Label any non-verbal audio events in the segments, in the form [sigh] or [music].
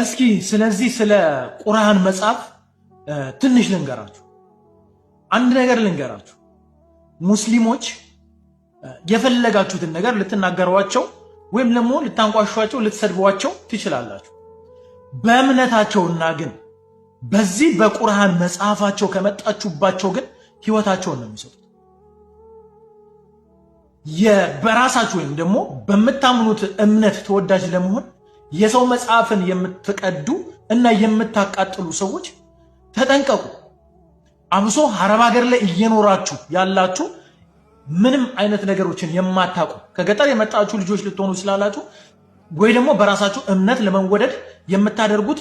እስኪ ስለዚህ ስለ ቁርአን መጽሐፍ ትንሽ ልንገራችሁ። አንድ ነገር ልንገራችሁ። ሙስሊሞች የፈለጋችሁትን ነገር ልትናገሯቸው ወይም ደግሞ ልታንቋሿቸው፣ ልትሰድቧቸው ትችላላችሁ። በእምነታቸውና ግን በዚህ በቁርአን መጽሐፋቸው ከመጣችሁባቸው ግን ህይወታቸውን ነው የሚሰጡት። በራሳችሁ ወይም ደግሞ በምታምኑት እምነት ተወዳጅ ለመሆን የሰው መጽሐፍን የምትቀዱ እና የምታቃጥሉ ሰዎች ተጠንቀቁ። አብሶ አረብ ሀገር ላይ እየኖራችሁ ያላችሁ ምንም አይነት ነገሮችን የማታውቁ ከገጠር የመጣችሁ ልጆች ልትሆኑ ስላላችሁ ወይ ደግሞ በራሳችሁ እምነት ለመወደድ የምታደርጉት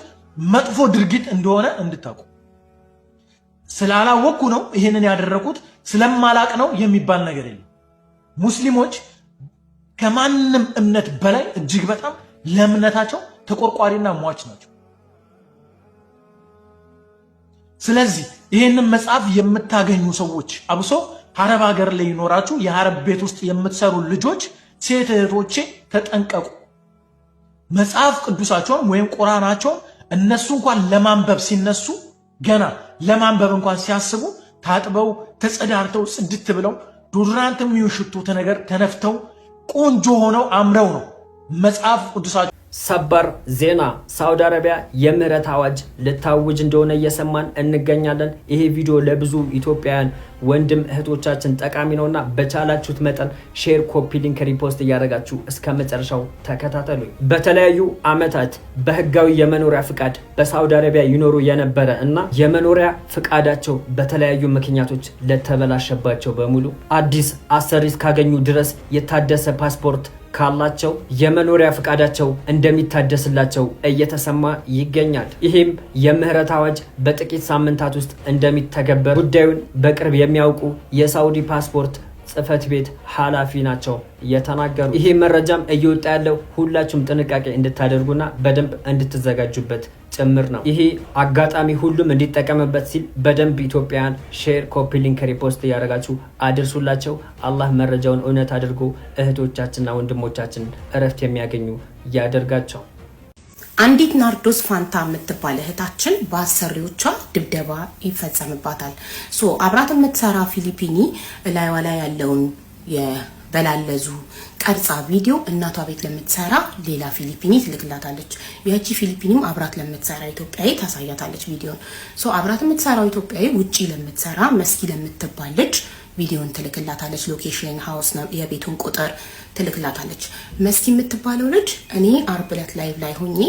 መጥፎ ድርጊት እንደሆነ እንድታውቁ። ስላላወቅኩ ነው ይህንን ያደረኩት ስለማላቅ ነው የሚባል ነገር የለም። ሙስሊሞች ከማንም እምነት በላይ እጅግ በጣም ለእምነታቸው ተቆርቋሪና ሟች ናቸው። ስለዚህ ይህንን መጽሐፍ የምታገኙ ሰዎች አብሶ ሀረብ ሀገር ላይ ይኖራችሁ የሀረብ ቤት ውስጥ የምትሰሩ ልጆች፣ ሴት እህቶቼ ተጠንቀቁ። መጽሐፍ ቅዱሳቸውን ወይም ቁራናቸውን እነሱ እንኳን ለማንበብ ሲነሱ ገና ለማንበብ እንኳን ሲያስቡ ታጥበው ተጸዳርተው ጽድት ብለው ዶድራንት የሚሽቱት ነገር ተነፍተው ቆንጆ ሆነው አምረው ነው መጽሐፍ ቅዱሳቸው ሰበር ዜና ሳውዲ አረቢያ የምህረት አዋጅ ልታውጅ እንደሆነ እየሰማን እንገኛለን። ይሄ ቪዲዮ ለብዙ ኢትዮጵያውያን ወንድም እህቶቻችን ጠቃሚ ነውና በቻላችሁት መጠን ሼር፣ ኮፒ ሊንክ፣ ሪፖስት እያደረጋችሁ እስከ መጨረሻው ተከታተሉ። በተለያዩ ዓመታት በህጋዊ የመኖሪያ ፍቃድ በሳውዲ አረቢያ ይኖሩ የነበረ እና የመኖሪያ ፍቃዳቸው በተለያዩ ምክንያቶች ለተበላሸባቸው በሙሉ አዲስ አሰሪስ ካገኙ ድረስ የታደሰ ፓስፖርት ካላቸው የመኖሪያ ፈቃዳቸው እንደሚታደስላቸው እየተሰማ ይገኛል። ይህም የምህረት አዋጅ በጥቂት ሳምንታት ውስጥ እንደሚተገበር ጉዳዩን በቅርብ የሚያውቁ የሳውዲ ፓስፖርት ጽህፈት ቤት ኃላፊ ናቸው የተናገሩ። ይሄ መረጃም እየወጣ ያለው ሁላችሁም ጥንቃቄ እንድታደርጉና በደንብ እንድትዘጋጁበት ጭምር ነው። ይሄ አጋጣሚ ሁሉም እንዲጠቀምበት ሲል በደንብ ኢትዮጵያን ሼር፣ ኮፒ ሊንክ፣ ሪፖስት እያደረጋችሁ አድርሱላቸው። አላህ መረጃውን እውነት አድርጎ እህቶቻችንና ወንድሞቻችን እረፍት የሚያገኙ ያደርጋቸው። አንዲት ናርዶስ ፋንታ የምትባል እህታችን በአሰሪዎቿ ድብደባ ይፈጸምባታል። አብራት የምትሰራ ፊሊፒኒ ላይዋ ላይ ያለውን የበላለዙ ቀርጻ ቪዲዮ እናቷ ቤት ለምትሰራ ሌላ ፊሊፒኒ ትልክላታለች። ያቺ ፊሊፒኒም አብራት ለምትሰራ ኢትዮጵያዊ ታሳያታለች ቪዲዮን። አብራት የምትሰራው ኢትዮጵያዊ ውጪ ለምትሰራ መስኪ ለምትባል ልጅ ቪዲዮን ትልክላታለች። ሎኬሽን ሀውስ የቤቱን ቁጥር ትልክላታለች። መስኪ የምትባለው ልጅ እኔ አርብ ዕለት ላይቭ ላይ ሆኜ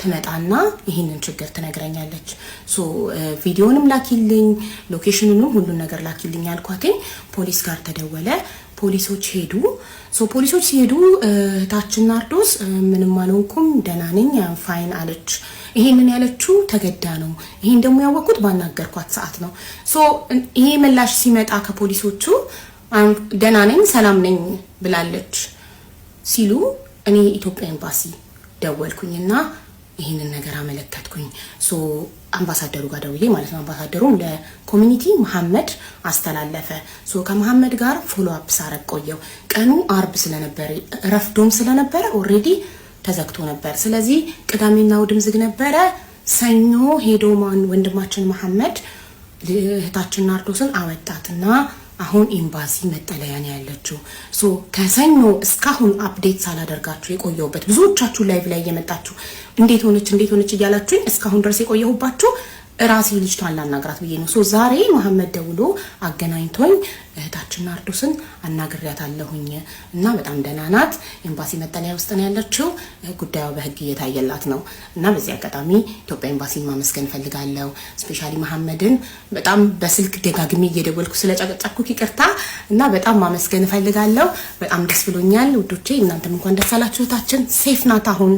ትመጣና ይህንን ችግር ትነግረኛለች። ቪዲዮንም ላኪልኝ፣ ሎኬሽንንም ሁሉን ነገር ላኪልኝ አልኳትኝ። ፖሊስ ጋር ተደወለ። ፖሊሶች ሄዱ። ፖሊሶች ሲሄዱ እህታችን ናርዶስ ምንም አልሆንኩም ደህና ነኝ ፋይን አለች። ይሄንን ያለችው ተገዳ ነው። ይሄን ደግሞ ያወቅኩት ባናገርኳት ሰዓት ነው። ይሄ ምላሽ ሲመጣ ከፖሊሶቹ ደህና ነኝ ሰላም ነኝ ብላለች ሲሉ እኔ ኢትዮጵያ ኤምባሲ ደወልኩኝና ይህንን ነገር አመለከትኩኝ። ሶ አምባሳደሩ ጋር ደውዬ ማለት ነው። አምባሳደሩም ለኮሚኒቲ መሐመድ አስተላለፈ። ሶ ከመሐመድ ጋር ፎሎ አፕ ሳረግ ቆየው። ቀኑ አርብ ስለነበረ ረፍዶም ስለነበረ ኦሬዲ ተዘግቶ ነበር። ስለዚህ ቅዳሜና እሑድም ዝግ ነበረ። ሰኞ ሄዶ ማን ወንድማችን መሐመድ እህታችን ናርዶስን አወጣትና አሁን ኤምባሲ መጠለያ ነው ያለችው። ሶ ከሰኞ እስካሁን አፕዴት ሳላደርጋችሁ የቆየሁበት ብዙዎቻችሁ ላይቭ ላይ እየመጣችሁ እንዴት ሆነች እንዴት ሆነች እያላችሁኝ እስካሁን ድረስ የቆየሁባችሁ ራሴ ልጅቷን ላናግራት ብዬ ነው። ዛሬ መሐመድ ደውሎ አገናኝቶኝ እህታችን ናርዶስን አናግሬያታለሁኝ እና በጣም ደህና ናት። ኤምባሲ መጠለያ ውስጥ ነው ያለችው። ጉዳዩ በህግ እየታየላት ነው እና በዚህ አጋጣሚ ኢትዮጵያ ኤምባሲን ማመስገን ፈልጋለሁ። ስፔሻሊ መሐመድን በጣም በስልክ ደጋግሜ እየደወልኩ ስለጨቀጨኩ ይቅርታ እና በጣም ማመስገን ፈልጋለሁ። በጣም ደስ ብሎኛል ውዶቼ። እናንተም እንኳን ደስ አላችሁ። እህታችን ሴፍ ናት አሁን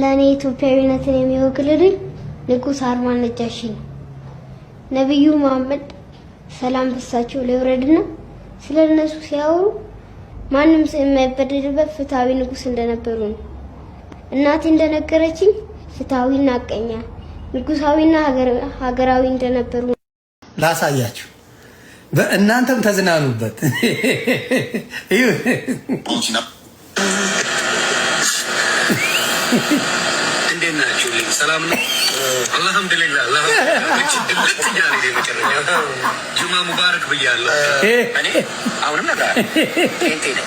ለእኔ ኢትዮጵያዊነትን የሚወግልልኝ ንጉስ አርማ አልነጃሺ ነው። ነቢዩ መሐመድ ሰላም በሳቸው ለውረድና ውረድና ስለ እነሱ ሲያወሩ ማንም ሰው የማይበደልበት ፍትሃዊ ንጉስ እንደነበሩ ነው። እናቴ እንደነገረችኝ ፍትሃዊና አቀኛ ንጉሳዊና ሀገራዊ እንደነበሩ ላሳያችሁ። እናንተም ተዝናኑበት። [laughs] እንዴት ናችሁ? ሰላም ነው። አልሐምዱሊላህ ጁማ ሙባረክ ብያለሁ። እኔ አሁንም ነገር ጤንጤ ነኝ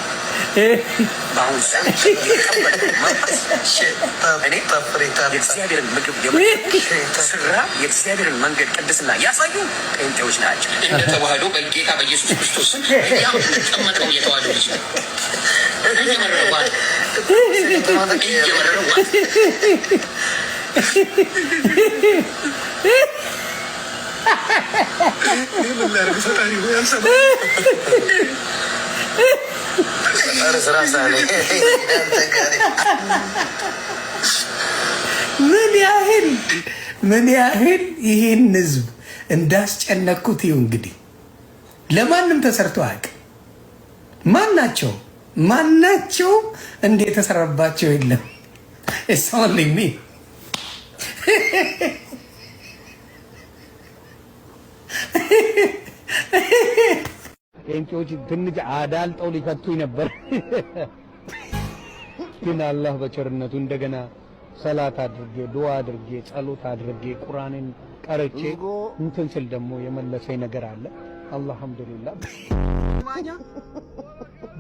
የእግዚአብሔርን መንገድ ቅድስና ያሳዩ ጴንጤዎች ናቸው። እንደ ተዋህዶ በጌታ በኢየሱስ ክርስቶስ ያጠመቀው የተዋህዶ ልጅ እየመረዋል ምን ያህል ምን ያህል ይህን ህዝብ እንዳስጨነቅኩት ይሁ እንግዲህ ለማንም ተሰርቶ አያውቅም። ማናቸው ማናቸው እንደ የተሰራባቸው የለም። ኢትስ ኦንሊ ሚ ጴንጤዎች ትንሽ አዳልጠው ሊፈቱኝ ነበር፣ ግን አላህ በቸርነቱ እንደገና ሰላት አድርጌ ዱዓ አድርጌ ጸሎት አድርጌ ቁርአንን ቀርቼ እንትን ስል ደግሞ የመለሰኝ ነገር አለ። አልሐምዱሊላህ ማኛ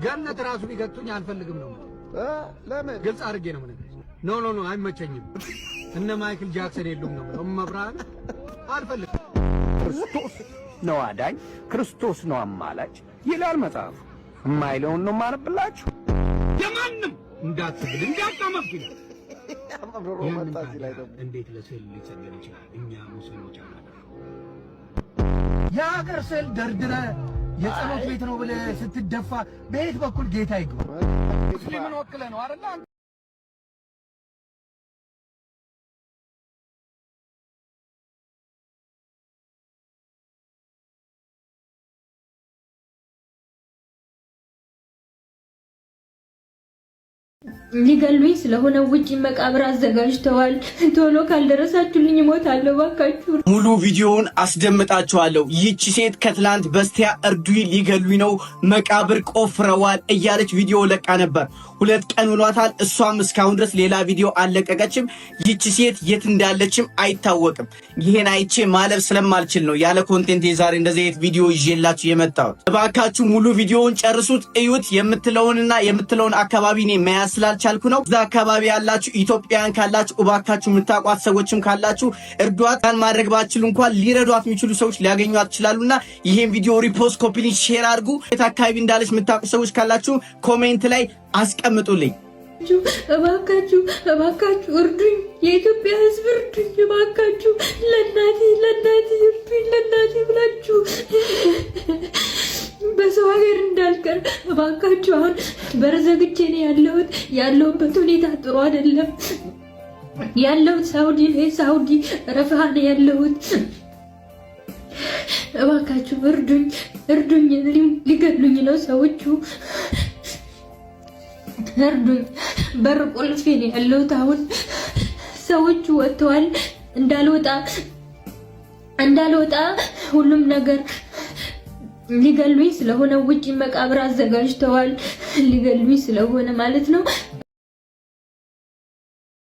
ገነት ራሱ ቢገቱኝ አልፈልግም ነው። ለምን ግልጽ አድርጌ ነው ምንም ኖ ኖ ኖ አይመቸኝም። እነ ማይክል ጃክሰን የሉም ነው መብራን አልፈልግም ክርስቶስ ነው አዳኝ፣ ክርስቶስ ነው አማላጭ ይላል መጽሐፉ። የማይለውን ነው የማነብላችሁ። የማንም እንዳትብል እንዳታመብኝ። እንዴት ለስዕል ሊሰገድ ይችላል? እኛ ሙስሊሞች የሀገር ስዕል ደርድረ የጸሎት ቤት ነው ብለህ ስትደፋ በየት በኩል ጌታ ይግባ? ሙስሊምን ወክለ ነው አይደል? Yeah. ሊገሉኝ ስለሆነ ውጪ መቃብር አዘጋጅተዋል። ቶሎ ካልደረሳችሁልኝ እሞታለሁ። እባካችሁ ሙሉ ቪዲዮውን አስደምጣችኋለሁ። ይቺ ሴት ከትላንት በስቲያ እርዱኝ፣ ሊገሉኝ ነው፣ መቃብር ቆፍረዋል እያለች ቪዲዮ ለቃ ነበር። ሁለት ቀን ውሏታል። እሷም እስካሁን ድረስ ሌላ ቪዲዮ አልለቀቀችም። ይቺ ሴት የት እንዳለችም አይታወቅም። ይሄን አይቼ ማለብ ስለማልችል ነው ያለ ኮንቴንት የዛሬ እንደዚህ አይነት ቪዲዮ ይዤላችሁ የመጣሁት። እባካችሁ ሙሉ ቪዲዮውን ጨርሱት፣ እዩት። የምትለውንና የምትለውን አካባቢ እኔ መያዝ ስላልችል ስላልቻልኩ ነው። እዛ አካባቢ ያላችሁ ኢትዮጵያውያን ካላችሁ እባካችሁ የምታቋት ሰዎችም ካላችሁ እርዷት። ያን ማድረግ ባችሉ እንኳን ሊረዷት የሚችሉ ሰዎች ሊያገኟት ይችላሉና ይሄን ቪዲዮ ሪፖስት፣ ኮፒሊንግ፣ ሼር አድርጉ። የት አካባቢ እንዳለች የምታውቁ ሰዎች ካላችሁ ኮሜንት ላይ አስቀምጡልኝ። እባካችሁ እባካችሁ እርዱኝ፣ የኢትዮጵያ ሕዝብ እርዱኝ። እባካችሁ ለእናቴ ለእናቴ እርዱኝ፣ ለእናቴ ብላችሁ በሰው ሀገር እንዳልቀር እባካችሁ። አሁን በርዘግቼ ነው ያለሁት። ያለሁበት ሁኔታ ጥሩ አይደለም። ያለሁት ሳውዲ ሳውዲ ረፍሃ ነው ያለሁት። እባካችሁ እርዱኝ፣ እርዱኝ። ሊገሉኝ ነው ሰዎቹ፣ እርዱኝ። በር ቁልፌ ነው ያለሁት። አሁን ሰዎቹ ወጥተዋል። እንዳልወጣ እንዳልወጣ ሁሉም ነገር ሊገሉኝ ስለሆነ ውጪ መቃብር አዘጋጅተዋል። [laughs] ሊገሉኝ ስለሆነ ማለት ነው።